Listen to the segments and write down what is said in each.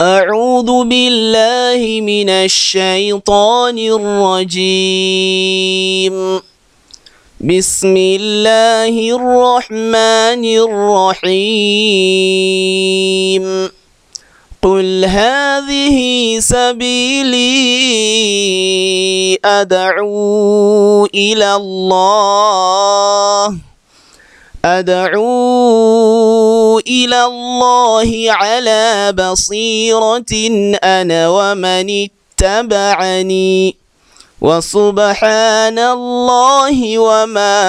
أعوذ بالله من الشيطان الرجيم بسم الله الرحمن الرحيم قل هذه سبيلي أدعو إلى الله أدعو إلى الله على بصيرة أنا ومن اتبعني وسبحان الله وما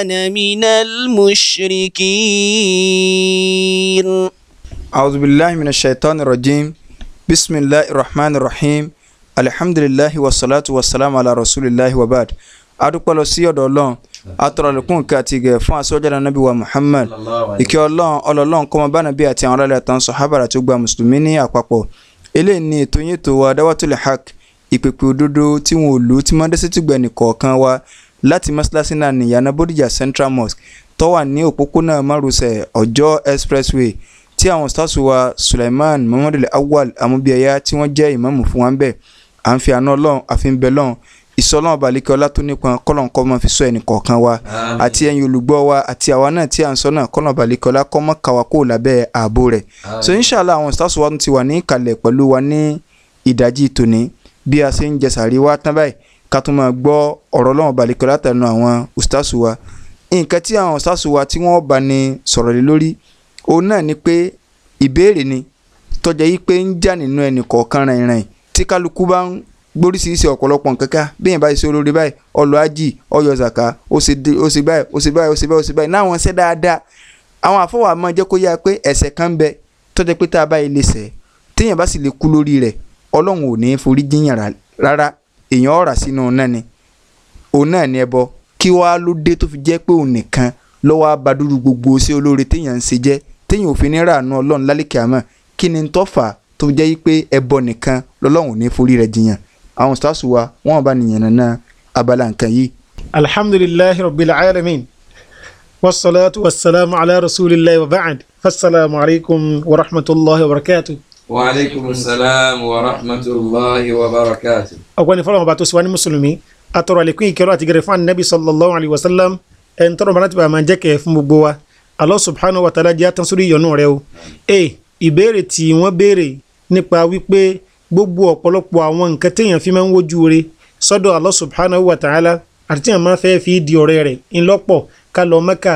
أنا من المشركين أعوذ بالله من الشيطان الرجيم بسم الله الرحمن الرحيم الحمد لله والصلاة والسلام على رسول الله وبعد أدوك بلوسي أدولون atọrọlẹkùn kàtìgẹ fún asọjára nabi wa muhammad ìkẹ́ ọlọ́run ọlọ́run kọ́mọ bá nàbí àti àwọn ọlọ́run àtàwọn sọ̀hábàrà tó gba mùsùlùmí ní àpapọ̀ eléyìí ni ètò yín tó wa dáwọ́tul haq ìpèpè òdodo tí wọn ò lù tí máa ń dẹ́sẹ̀ tìgbà nìkọ̀ọ̀kan wa láti mọ́ṣáláṣí náà ní ìyànà bódìjà central mosque tó wà ní òpópónà márosẹ̀ ọjọ́ expressway tí àwọn sításù wa suleiman muhammadu awwal amúbíyẹyà tí wọ́n jẹ́ ìmáàmù fún wa ń bẹ̀ à ń fi àná ọlọ́run àfi ń bẹ lọ́run ìsọlọ́n ọbalẹ̀kẹ́ ọlá tó nípọn kọ́lọ̀n kọ́ máa fi sọ ẹnì kọ̀ọ̀kan wa àti ẹ̀yin olùgbọ́ wa àti àwa náà tí à ń sọ náà kọ́lọ̀n ọbalẹ̀kẹ́ ọlá máa kà wá kó lábẹ́ ààbò rẹ̀ so inshàlá àwọn stars wa ti wà ní ìkàlẹ̀ pẹ̀lú wa ní ìdajì tòní bí a ṣe ń jẹ sàrí wa tán báyìí ká tún máa gbọ́ ọ̀rọ̀ ọlọ́run ọbalẹ̀kẹ́ ọlá tẹnu àwọn stars wa nǹkan tí àwọn stars wa tí wọ́n bá ní sọ̀rọ̀ lé lórí òun náà ni pé ìbéèrè ni tọ́jà yìí gbóríṣiríṣi ọ̀pọ̀lọpọ̀ nǹkan ká bẹ́ẹ̀ bá ṣe olórí báyìí ọlọ́ ájì ọyọ zaka ose ṣe báyìí ose ṣe báyìí ó ṣe báyìí ó ṣe báyìí náwọn ṣe dáadáa àwọn àfọwọ́ àmọ́ jẹ́ kó yá pé ẹ̀ṣẹ̀ kan bẹ tó jẹ́ pé tá a bá ilé ṣẹ̀ téèyàn bá sì lè kú lórí rẹ̀ ọlọ́run ò ní forí jiyàn rárá èèyàn ọ̀rà sínú náà ni òun náà ni ẹbọ kí wàá ló dé tó fi jẹ́ pé òun nìkan lọ́wọ́ abadúrú gbogbo ṣé olóore téèyàn ń ṣe jẹ́ téèyàn òfin ní ràánú ọlọ́run lálẹ́ kìámọ̀ kí ni tọ́fà tó jẹ́ pé ẹbọ nìkan lọ́lọ́run ò ní forí rẹ̀ jiyàn àwọn stars wa wọ́n bá nìyẹn nana abala nǹkan yìí. alhamdulilayi rabbil alamin wasalaatu wasalaamu ala rasulillahi wa ba'd asalaamu alaykum wa rahmatulahi wa barakatuh waaleykum salaam wa rahmatulahi wa barakatu. ọ̀gbẹ́ni fọlọ́n ọba tó ṣe wá ní mùsùlùmí àtọ̀rọ̀ àlékún ìkẹ́rọ̀ àti gẹ̀rẹ̀ fún anabi sallallahu alayhi wa sallam ẹni tọrọ bàrà tí bàá máa jẹ́ kẹ́ fún gbogbo wa Allah subhanahu wa ta'ala jẹ́ àtànsórí ìyọnu rẹ o. ẹ ìbéèrè tí wọ́n béèrè nípa wípé gbogbo ọ̀pọ̀lọpọ̀ àwọn nǹkan téèyàn fi máa ń wojú re sọ́dọ̀ Allah subhanahu wa ta'ala àti téèyàn máa fẹ́ fi di ọ̀rẹ́ rẹ̀ ńlọ́pọ̀ ká lọ mẹ́kà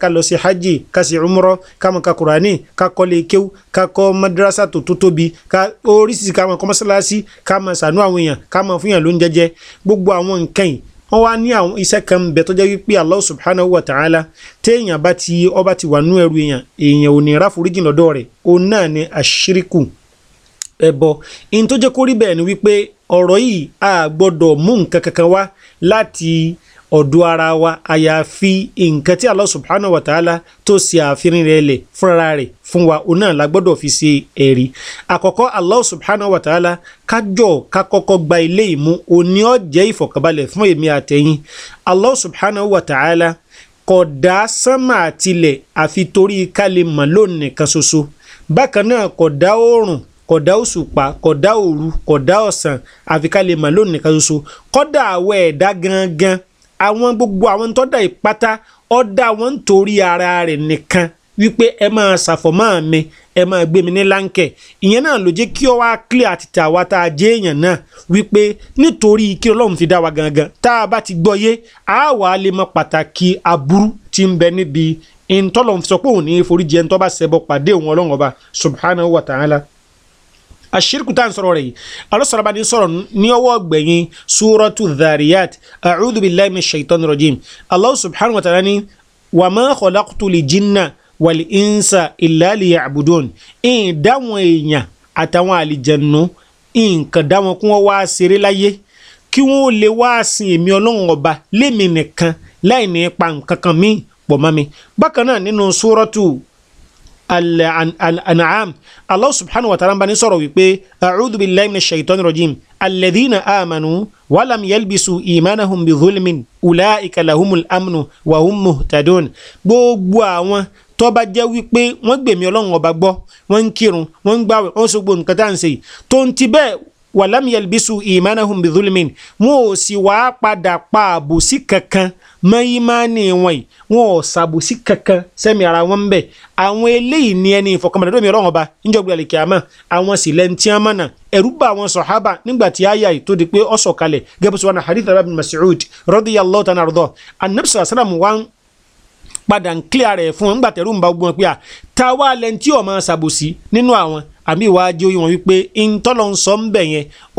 ká lọ sí hajj ká sí umrọ ká mọ ka kurani ká kọ́ lè kéw ká kọ́ madrasa tó tó tóbi ká oríṣiríṣi ká mọ kọ́ ká mọ sànú àwọn èèyàn ká mọ fún ló ń jẹjẹ gbogbo àwọn nǹkan yìí wọ́n wá ní àwọn iṣẹ́ kan bẹ̀ tó jẹ́ wípé Allah subhanahu wa ta'ala téèyàn bá ti ọba ti wà nú ẹrù èèyàn èèyàn ò ní ráforíjìn lọ́dọ̀ rẹ̀ òun náà ni àṣíríkù ẹbọ in tó jẹ́ kó rí bẹ́ẹ̀ ni wípé ọ̀rọ̀ yìí a gbọ́dọ̀ mú nǹkan kankan wá láti ọ̀dọ̀ ara wa àyàfi nǹkan tí Allah subhanahu wa ta'ala tó ṣe àfihàn rẹ̀ lẹ̀ fúnra rẹ̀ fún wa òun náà la gbọ́dọ̀ fi ṣe ẹ̀rí àkọ́kọ́ Allah subhanahu wa ta'ala kájọ ká kọ́kọ́ gba ilé ìmú òní ó jẹ́ fún èmi àtẹ̀yìn Allah subhanahu wa ta'ala kò dá sánmà àtilẹ̀ àfi torí ká lè mọ̀ ṣoṣo bákan náà kò dá oòrùn kọ̀dá òṣùpá kọ̀dá òru kọ̀dá ọ̀sán àfi ká lè mọ̀ lónìí nìkan ṣoṣo kọ́dà àwọ̀ ẹ̀dá gangan àwọn gbogbo àwọn tọ́dà ìpátá ọ̀dà wọn torí ara rẹ̀ nìkan wípé ẹ máa ṣàfọ̀mọ́ mi ẹ máa gbé mi ní láńkẹ̀ ìyẹn náà ló jẹ́ kí ọ wá clear àti tàwa tá a jẹ́ èèyàn náà wípé nítorí kí ọlọ́run fi dá wa gangan tá a bá ti gbọ́ yé a wà á lè mọ pàtàkì aburú tí ń bẹ níbi ìntọ́lọ́run fi sọ pé òun ní foríjì ẹni tó bá ṣẹbọ pàdé òun ọlọ́run ọba subhanahu wa ta'ala àṣírkù tá à ń sọ̀rọ̀ rẹ̀ yìí alọ́sọ̀rọ̀ba ní sọ̀rọ̀ ní ọwọ́ gbẹ̀yìn súrọ́tù dhariyat a'udhu billahi minash shaitanir rajim allah subhanahu wa ta'ala ni wa ma khalaqtu li jinna wal insa illa liya'budun ìyìn dáwọn èèyàn àtàwọn àlìjẹnu nǹkan dáwọn kí wá ṣeré láyé kí wọ́n lè wá sin èmi ọlọ́run ọba lémi al-an'am allah subhanahu wa ta'ala bá ní sọ̀rọ̀ wípé a'udhu billahi minash shaitani rajim alladhina amanu walam yalbisu imanahum bi dhulmin ulaika lahumul amnu wa hum muhtadun gbogbo àwọn tó bá jẹ́ wípé wọ́n gbèmí ọlọ́run ọba gbọ́ wọ́n ń kírun wọ́n ń gbàwẹ̀ wọ́n nǹkan tá à ń ṣe tó ń ti bẹ́ẹ̀ walam yalbisu imanahum bi dhulmin wọn ò sì wá padà pa àbòsí kankan mọ́yìmánì wọn yìí wọn ò ṣàbòsí kankan sẹ́mi ara wọn bẹ́ẹ̀ àwọn eléyìí ni ẹni ìfọkànbalẹ̀ lómi ọlọ́run ọba níjọba ìlẹ̀kẹ̀ àmọ́ àwọn sì lẹ́ni tí wọ́n mọ̀nà ẹ̀rú bá àwọn sọ̀hábà nígbà tí àyà yìí tó di pé ó sọ̀kalẹ̀ gẹ́gẹ́ wọn na hadith ibn Mas'ud radiyallahu ta'ala anhu anabi sallallahu alaihi wasallam wa padà ń clear rẹ̀ fún wọn nígbà tẹ̀rù ń ba gbọ́n pé à táwa lẹ́ntì ọ̀mọ ṣàbòsí nínú àwọn àmì ìwádìí oyin wọn wípé ntọ́lọ́ ń sọ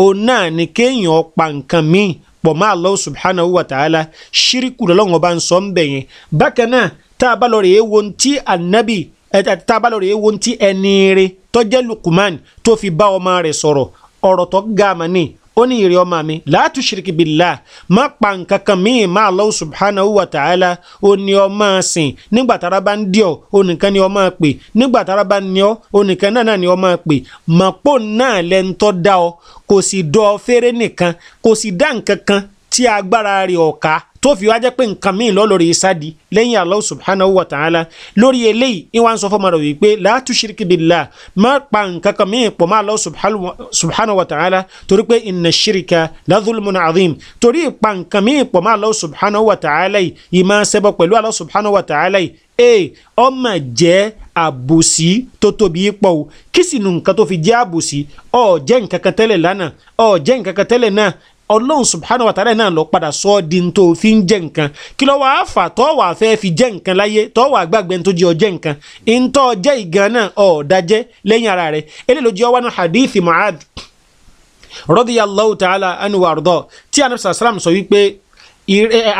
òun náà ni kéèyàn pa nǹkan míì pọ̀ mọ́ Allah subhanahu wa ta'ala ṣíríkù lọ́wọ́ bá ń sọ ń bẹ̀ yẹn bákan náà tá a bá lọ rèé wo ti ànábì tá a bá lọ rèé wo ti ẹni rẹ̀ tó jẹ́ tó fi bá ọmọ rẹ̀ sọ̀rọ̀ ọ̀rọ̀ tó gàmà ni ó ní ìrẹ́ ọmọ mi la tushiriki billah má pa nǹkan kan míì má Allah subhanahu wa ta'ala ó ní ọ máa sìn nígbà tára bá ń díọ̀ ó nìkan ni ọ pè nígbà tára bá ń ní ó nìkan náà ni ọ máa pè màpò náà lẹ́ńtọ́ dá ọ kò sì dọ́ fẹ́rẹ́ nìkan kò sì dá nǹkan kan tí agbára rẹ̀ ọ̀ka tó fi wá jẹ́ pé nǹkan míì lọ lórí sádi lẹ́yìn Allah subhanahu wa ta'ala lórí eléyìí ìwà ń sọ fọmọ rẹ̀ wípé la tushrik billah má pa nǹkan kan míì pọ̀ mọ́ Allah subhanahu wa ta'ala torí pé inna shirka la dhulmun azim torí ìpa nǹkan míì pọ̀ mọ́ Allah subhanahu wa ta'ala yìí ìmọ̀ ṣẹbọ pẹ̀lú Allah subhanahu wa ta'ala yìí ee ọmọ jẹ́ àbòsí tó tóbi pọ̀ o kí sì nù nǹkan tó fi jẹ́ àbòsí ó jẹ́ nǹkan kan tẹ́lẹ̀ lánàá ó jẹ́ nǹkan kan tẹ́lẹ̀ náà ọlọ́run subhanahu wa ta'ala náà lọ padà sọ ọ́ di tó fi ń jẹ́ nǹkan kí lọ́wọ́ àfà tọ́wọ́ àfẹ́ fi jẹ́ nǹkan láyé tọ́wọ́ àgbàgbẹ́ tó jẹ́ ọjẹ́ nǹkan ìntọ́ jẹ́ ìgan náà ọ̀ọ́dájẹ́ lẹ́yìn ara rẹ̀ eléyìí ló jẹ́ ọwọ́ náà hadith ta'ala anhu wa ardọ́ tí anabi sàlám sọ wípé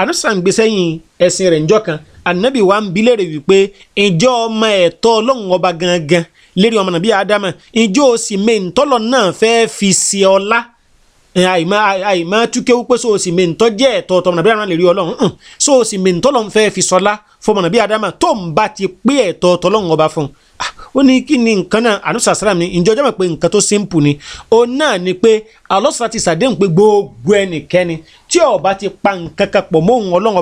anabi sàlám gbé sẹ́yìn ẹ̀sìn rẹ̀ njọ́ kan anabi wa ń bilére wípé ǹjẹ́ ọmọ ẹ̀tọ́ ọlọ́run ọba gangan lérí ọmọ nàbí adama ǹjẹ́ òsì mẹ́ntọ́lọ́ náà fẹ́ fi sí ọlá àìmọ́ àìmọ́ túkẹ́ wípé so sì mèntọ́ jẹ́ ẹ̀tọ́ tọmọ nàbí àrùn lè rí ọlọ́run so sì mèntọ́ lọ́n fẹ́ fi sọlá fọmọ nàbí àdámà tó ń bá ti pé ẹ̀tọ́ tọlọ́run ọba fún un ah, ó ní kí ni nǹkan náà ànúṣà sára mi ǹjọ́ jẹ́ mọ̀ pé nǹkan tó simple ni ó náà ni pé alọ́sà ti sàdéhùn pé gbogbo ẹnikẹ́ni tí ọba ti pa nǹkan kan pọ̀ mọ́ òun ọlọ́run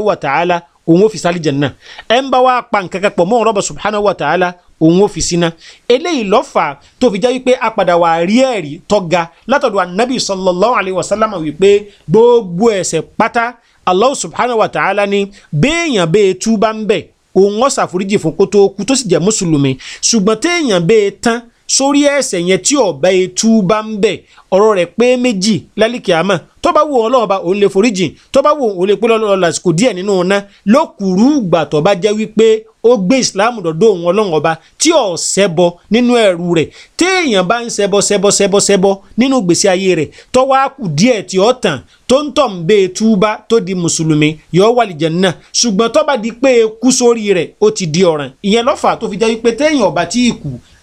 ọba wa ta'ala òun ó fi sálí jannah ẹ̀ ń bá wa pa nǹkan kan pọ̀ wa ta'ala òun ó fi síná eléyìí lọ́fà tó fi jẹ́ wípé a padà wà rí ẹ̀rí tọ́ga látọ̀dọ̀ anabi sallallahu alayhi wa sallam wípé gbogbo ẹ̀ṣẹ̀ pátá allah subhanahu wa ta'ala ni béèyàn bẹ́ẹ̀ tú bá ń bẹ̀ òun ó ṣàforíjì fún kó tó kú tó sì jẹ́ mùsùlùmí ṣùgbọ́n téèyàn bẹ́ẹ̀ tán sórí ẹ̀ṣẹ̀ yẹn tí ọba etú bá e ń bẹ ọ̀rọ̀ rẹ̀ pé méjì lálìkì àmọ́ tó bá wù Ọlọ́run bá òun lè foríjìn tó bá wù òun lè pé lọlọ lásìkò díẹ̀ nínú ọ̀nà lókùrú ìgbà bá jẹ́ wípé ó gbé islam dọ̀dọ̀ òun ọlọ́run ọba tí ò sẹbọ nínú ẹ̀rù rẹ téèyàn bá ń sẹbọ sẹbọ sẹbọ ṣẹbọ nínú gbèsè ayé rẹ tó wá kù tí ó tàn tó ń tọ̀ ń bẹ túbá tó di mùsùlùmí yóò wà lìjànnà ṣùgbọ́n tó di pé e kú sórí rẹ̀ ó ti di ọ̀ràn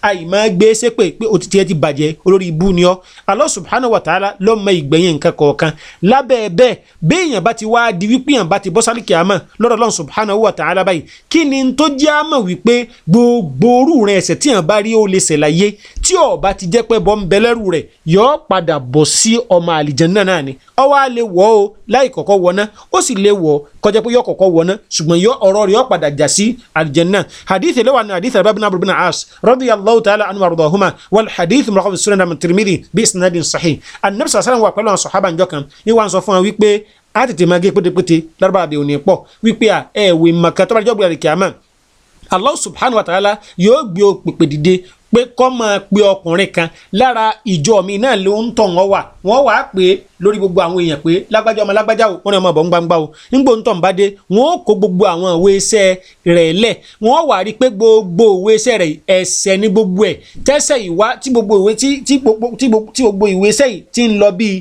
àìmọ́ gbé sépè pé òtítí ẹ ti bàjẹ́ olórí ibú ni ọ́ Allah subhanahu wa ta'ala ló mọ ìgbẹ̀yìn nǹkan kọ̀ọ̀kan lábẹ́ bẹ́ẹ̀ béèyàn bá ti wá di wípé èèyàn bá ti bọ́ sálíkì àmọ́ lọ́dọ̀ Allah subhanahu wa ta'ala báyìí kí ni tó jẹ́ àmọ̀ wípé gbogbo orú rẹ̀ ẹ̀ṣẹ̀ tí èèyàn bá rí ó lè ṣẹ̀ tí ọba ti jẹ́ pé bọ́ ń bẹ lẹ́rù rẹ̀ yóò padà bọ̀ sí ọmọ àlìjẹ́nà náà ni ọwọ́ á lè wọ̀ ọ́ láì kọ́kọ́ wọná ó sì lè wọ̀ kọjá pé yóò kọ́kọ́ wọná ṣùgbọ́n yóò ọ̀rọ̀ rẹ̀ yóò padà jà sí àlìjẹ́nà hadith lẹ́wà ní hadith ababina abu bin as radiyallahu ta'ala anhu arudahuma wal hadith sunan am tirimidi bi isnadin sahih anabi sallam wà pẹ̀lú àwọn sọ̀hábà njọ́ kan wọ́n sọ fún wa wípé a tètè máa gé pétépété lárúbáwá de òní pọ̀ wípé à ẹ̀wẹ̀ màkà tó bá jọ́ gbé àríkè subhanahu wa ta'ala yóò gbé o pèpè dìde pé kọ́ máa pe ọkùnrin kan lára ìjọ mi náà ló ń tàn wọ́n wà wọ́n wàá pé lórí gbogbo àwọn èèyàn pé lágbájá ọmọ lágbájá o wọ́n ní ọmọ ọ̀bọ̀ ń gbangba o nígbò ń tàn bá dé wọ́n ó kó gbogbo àwọn òwe iṣẹ́ rẹ̀ lẹ̀ wọ́n wàá rí i pé gbogbo òwe iṣẹ́ rẹ̀ ẹsẹ̀ ní gbogbo ẹ̀ tẹ́sẹ̀ ìwá tí gbogbo ìwé tí gbogbo ìwé iṣẹ́ yìí ti ń lọ bíi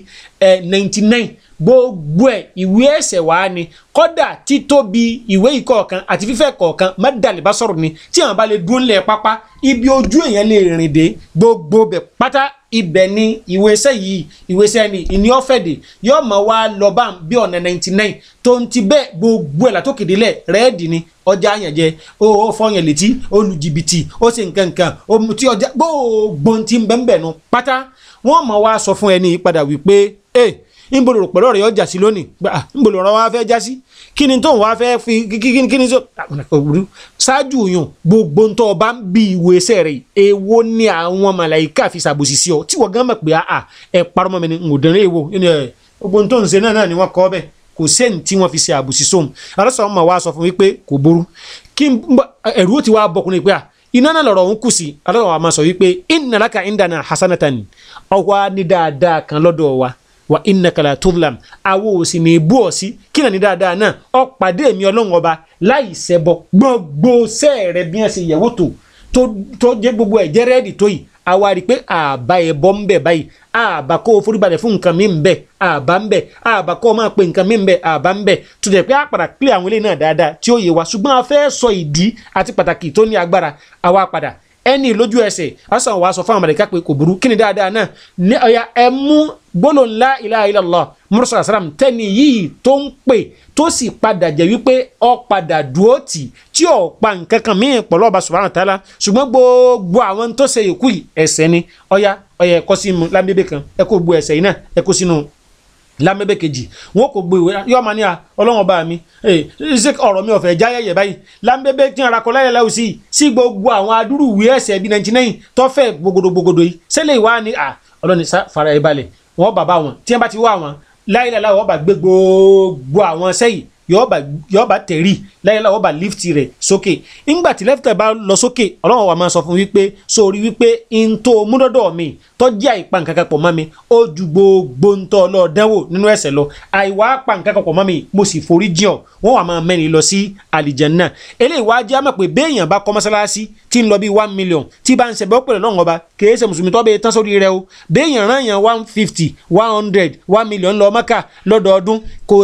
ninety nine gbogbo ẹ̀ ìwé ẹ̀ṣẹ̀ wá ni kódà títóbi ìwé ìkọ̀ọ̀kan àti fífẹ̀ kọ̀ọ̀kan mẹ́dàlẹ́ bá sọ̀rọ̀ ni tí àwọn bá lè dún lẹ̀ pápá ibi ojú èèyàn lè rìn dé gbogbo bẹ̀ pátá ibẹ̀ ni ìwé iṣẹ́ yìí ìwé iṣẹ́ ni ìní ọ̀fẹ́dè yóò mọ̀ wá lọ bá bí ọ̀nà ninety nine tó ń ti bẹ́ẹ̀ gbogbo ẹ̀ látó kéde lẹ̀ rẹ́ẹ̀dì ni ọjà àyànjẹ ó fọyàn létí ó lu jìbìtì ó ṣe nǹkan nǹkan ó mutí ọjà gbogbo ti ń bẹ́ẹ̀ bẹ́ẹ̀ nu pátá wọ́n mọ̀ wá sọ fún ẹni padà wípé eh nbolo rò pẹ̀lú ọ̀rẹ́ ọjà sí lónìí gba ah, nbolo ọ̀rọ̀ wa fẹ́ já sí kí ni tó ń wá fẹ́ fi kíkíní kí ni tó ṣáájú yàn gbogbo ń tọ́ ọba ń bí ìwé iṣẹ́ rẹ̀ èwo ni àwọn màláìka fi ṣàbòsí sí ọ tí wọ́n gán mọ̀ pé àà ah, ah, ẹ̀ parọ́ mọ́ mi ni n ò dẹ̀rẹ́ èwo eh, gbogbo ń tó ń ṣe náà náà ni wọ́n kọ́ ọ bẹ́ẹ̀ kò sẹ́ni tí wọ́n fi ṣe àbòsí sóhun arásọ̀ ọmọ wa sọ fún mi pé kò burú kí ẹ̀rú ó ti wá bọkùnrin pé à iná náà lọ̀rọ̀ òun kù sí arásọ̀ wa sọ wípé ìnàlákà ìndànà hasanatan ọwọ́ ní dáadáa kan lọ́dọ̀ wa wa innaka kala tudlam awo ò sì ní bú ọ sí kí nàní dáadáa náà ọ pàdé mi ọlọ́run ọba láì ṣẹbọ gbogbo sẹ́ẹ̀ rẹ bí wọ́n ṣe yẹ̀wò tó tó jẹ́ gbogbo ẹ̀jẹ̀ rẹ́ẹ̀dì tó yìí àwa rí i pé àbá ẹbọ ń bẹ báyìí àbá kó o foríbalẹ̀ fún nǹkan mi ń bẹ àbá ń bẹ àbá kó o máa pe nǹkan mi ń bẹ àbá ń bẹ tó jẹ́ pé a padà clear àwọn eléyìí náà dáadáa tí ó yé wa ṣùgbọ́n a fẹ́ sọ ìdí àti pàtàkì tó ní agbára àwa padà ẹni lójú ẹsẹ̀ asan wa sọ fún amẹ̀ríkà pé kò burú kí ni dáadáa náà ní ọ̀yà ẹ mú gbólò ńlá ilaha illallah mursa salam tẹ́ni yìí tó ń pè tó sì padà jẹ́ wípé ó padà dúró tì tí ó pa nǹkan kan míì pọ̀ lọ́ba subhanahu ta'ala ṣùgbọ́n gbogbo àwọn tó ṣe ìkú ẹ̀ṣẹ̀ ni ọ̀yà ọ̀yà ẹ̀kọ́ sínú lábẹ́bẹ́ kan ẹ̀kọ́ gbogbo ẹ̀ṣẹ̀ yìí náà ẹ̀kọ́ sínú lámẹ́bẹ̀ kejì wọn kò gbé ìwé yọ ọmọ ní a ọlọ́wọ́n bá mi eh, ṣe ọ̀rọ̀ mi ọ̀fẹ́ jáyẹyẹ báyìí lámẹ́bẹ̀ tí wọn rakọ láyẹ̀ láwù sí i sí gbogbo àwọn adúrú ìwé ẹ̀sẹ̀ bíi ninety nine tọ́fẹ̀ gbogbodogbogbodò yìí sẹ́lẹ̀ ìwá ni a ọlọ́ni fara ẹ̀ balẹ̀ wọn bàbá wọn tí wọn bá ti wá wọn láyẹ̀ láwù wọn bá gbé gbogbo àwọn sẹ́yìn yóò bá tẹ̀rí láyélá ó bá lífìtì rẹ̀ sókè ńgbà tí lẹ́fìtì bá lọ sókè ọlọ́run wa máa sọ fún wípé sórí wípé n tó múdọ́dọ̀ mi tọ́jú àìpa nǹkan kan pọ̀ mọ́ mi ó ju gbogbo ń tọ́ lọ dánwò nínú ẹ̀ṣẹ̀ lọ àìwá pa nǹkan kan pọ̀ mọ́ mi mo sì forí jìn ọ́ wọ́n wà máa mẹ́rin lọ sí àlìjẹ́nà eléyìí wá jẹ́ àmọ̀ pé béèyàn bá kọ́ mọ́sálásí tí ń lọ bí one million tí bá ń ṣe bọ́ pẹ̀lú náà ọba kìí ṣe mùsùlùmí tó bẹ tán sórí rẹ o béèyàn rán yàn one fifty one hundred one million lọ Mákà lọ́dọọdún kò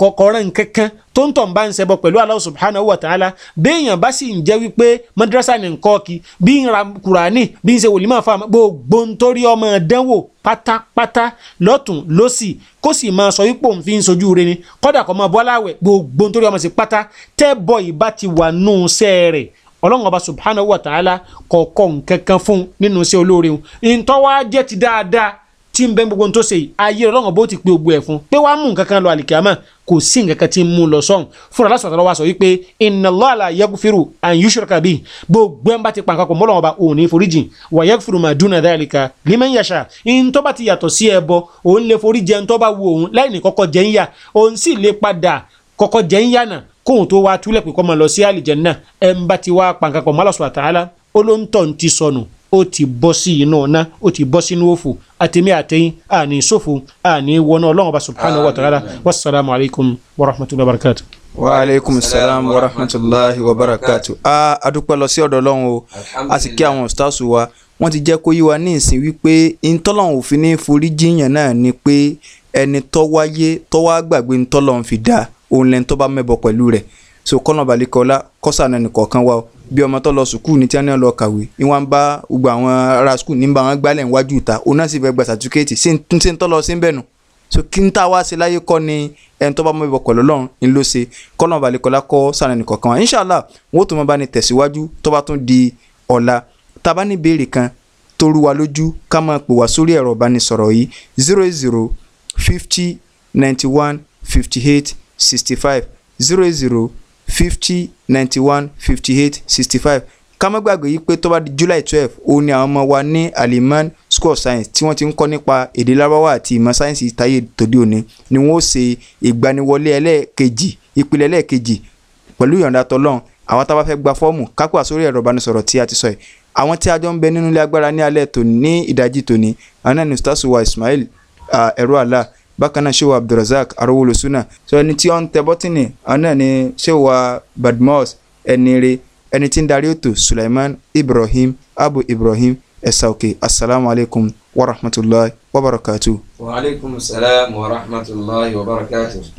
kọ̀ọ̀rán kankan tó ń tàn bá ń ṣẹbọ pẹ̀lú Allah subhanahu wa ta'ala béèyàn bá sì ń jẹ́ wípé madrasa ní nǹkan kí bí ń ra kùránì bí ń ṣe wòlímọ̀ fáwọn gbogbo ń torí ọmọ dánwò pátápátá lọ́tún lọ́sì kó sì máa sọ wípé òun fi ń sojú rere kọ́dà kọ́ máa bọ́ aláwẹ̀ gbogbo ń torí ọmọ sí pátá tẹ́ bọ̀ ìbá ti wà nù sẹ́ rẹ̀ ọlọ́run subhanahu wa ta'ala kọ̀ọ̀kan kankan fún nínú iṣẹ́ olóore ń tọ́wá jẹ́ ti dáadáa tí ń bẹ gbogbo tó ṣe yìí ayé ọlọ́run bó ti pe gbogbo ẹ̀ fún pé wàá mú nǹkan kan lọ àlìkíyàmá kò sí nǹkan kan tí ń mú lọ sọ́hùn fúnra aláṣọ àtàlọ́ wa wípé inna Allaha la yaghfiru an yushraka bihi gbogbo ẹ̀ ń bá ti pa nǹkan pọ̀ mọ́lọ́wọ́n ọba òun ní foríjìn wa yaghfiru ma duna dhalika liman yasha ntọ́ bá ti yàtọ̀ sí ẹbọ òun lè forí jẹ ntọ́ bá wo òun láì ní kọ́kọ́ jẹ ń yà òun ó ti bọ́ sí inú ọ̀nà ó ti bọ́ sínú òfò àtẹ̀mí àtẹ̀yìn àní sófò àní wọnú ọlọ́run bá subhanahu wa ta'ala wasalaamu alaykum wa rahmatulahi wa barakatu. wa aleykum salaam wa rahmatulahi wa barakatu. a adúpẹ́ lọ sí ọ̀dọ̀ ọlọ́run o a sì kí àwọn ọ̀sítàṣù wa wọ́n ti jẹ́ kó yí wa ní ìsìn wípé ntọ́lọ́run òfin ní forí jiyàn náà ni pé ẹni tó wáyé gbàgbé ntọ́lọ́run fi dá òun lẹ́ni tó bá mẹ́bọ̀ pẹ̀lú rẹ̀ so kọ́nà balikọ́lá kọ́sà náà nìkọ̀ọ̀kan wa o bí ọmọ tó lọ sùkúù ní tí náà lọ kàwé ni wọn bá gbogbo àwọn ará sùkúù ní bá wọn gbálẹ̀ níwájú ìta òun náà sì fẹ́ gba sàtúkẹ́ẹ̀tì ṣé ń tọ́ lọ sí bẹ́ẹ̀ nù so kí n tá a wá ṣe láyé kọ́ ni ẹni tó bá mọ ìbọ̀kọ̀ lọ́lọ́run ni ló ṣe kọ́nà balẹ̀kọ́lá kọ́ sànà nìkọ̀kan wa inshàlá wọn ó tún máa bá ní tẹ̀síwájú tó bá tún di ọ̀la tá ní ìbéèrè kan tó wa lójú ká máa pè wá sórí ẹ̀rọ ìbánisọ̀rọ̀ yìí zero zero fifty ninety one fifty eight sixty five zero zero fifty ninety one fifty eight sixty five ká má gbàgbé yìí pé tó bá di July twelve òun ni àwọn ọmọ wa ní Aliman School of Science tí wọ́n ti ń kọ́ nípa èdè Lárúbáwá àti ìmọ̀ sáyẹ́nsì táyé tòde òní ni wọ́n ó ṣe ìgbaniwọlé ẹlẹ́ẹ̀kejì ìpìlẹ̀ ẹlẹ́ẹ̀kejì pẹ̀lú ìyọ̀ǹda tọ́lọ́run àwọn tá a bá fẹ́ gba fọ́ọ̀mù kápẹ́ àsórí ẹ̀rọ ìbánisọ̀rọ̀ tí a ti sọ yìí àwọn tí a jọ ń bẹ nínú ilé agbára ní alẹ́ tòní ní ìdajì tòní anan ustasuwa Ismail ẹ̀rọ Allah bákan náà ṣéwà abdulrasaq arówólò súnà sọ ẹni tí ó ń tẹ bọ́tìnì ọ̀nà ni ṣéwà badmus ẹnire ẹni tí ń darí ètò suleiman ibrahim abu ibrahim ẹ̀sà òkè asalaamualeykum wa rahmatulahi wa barakatu. wa aleykum salaam wa rahmatulahi wa barakatu.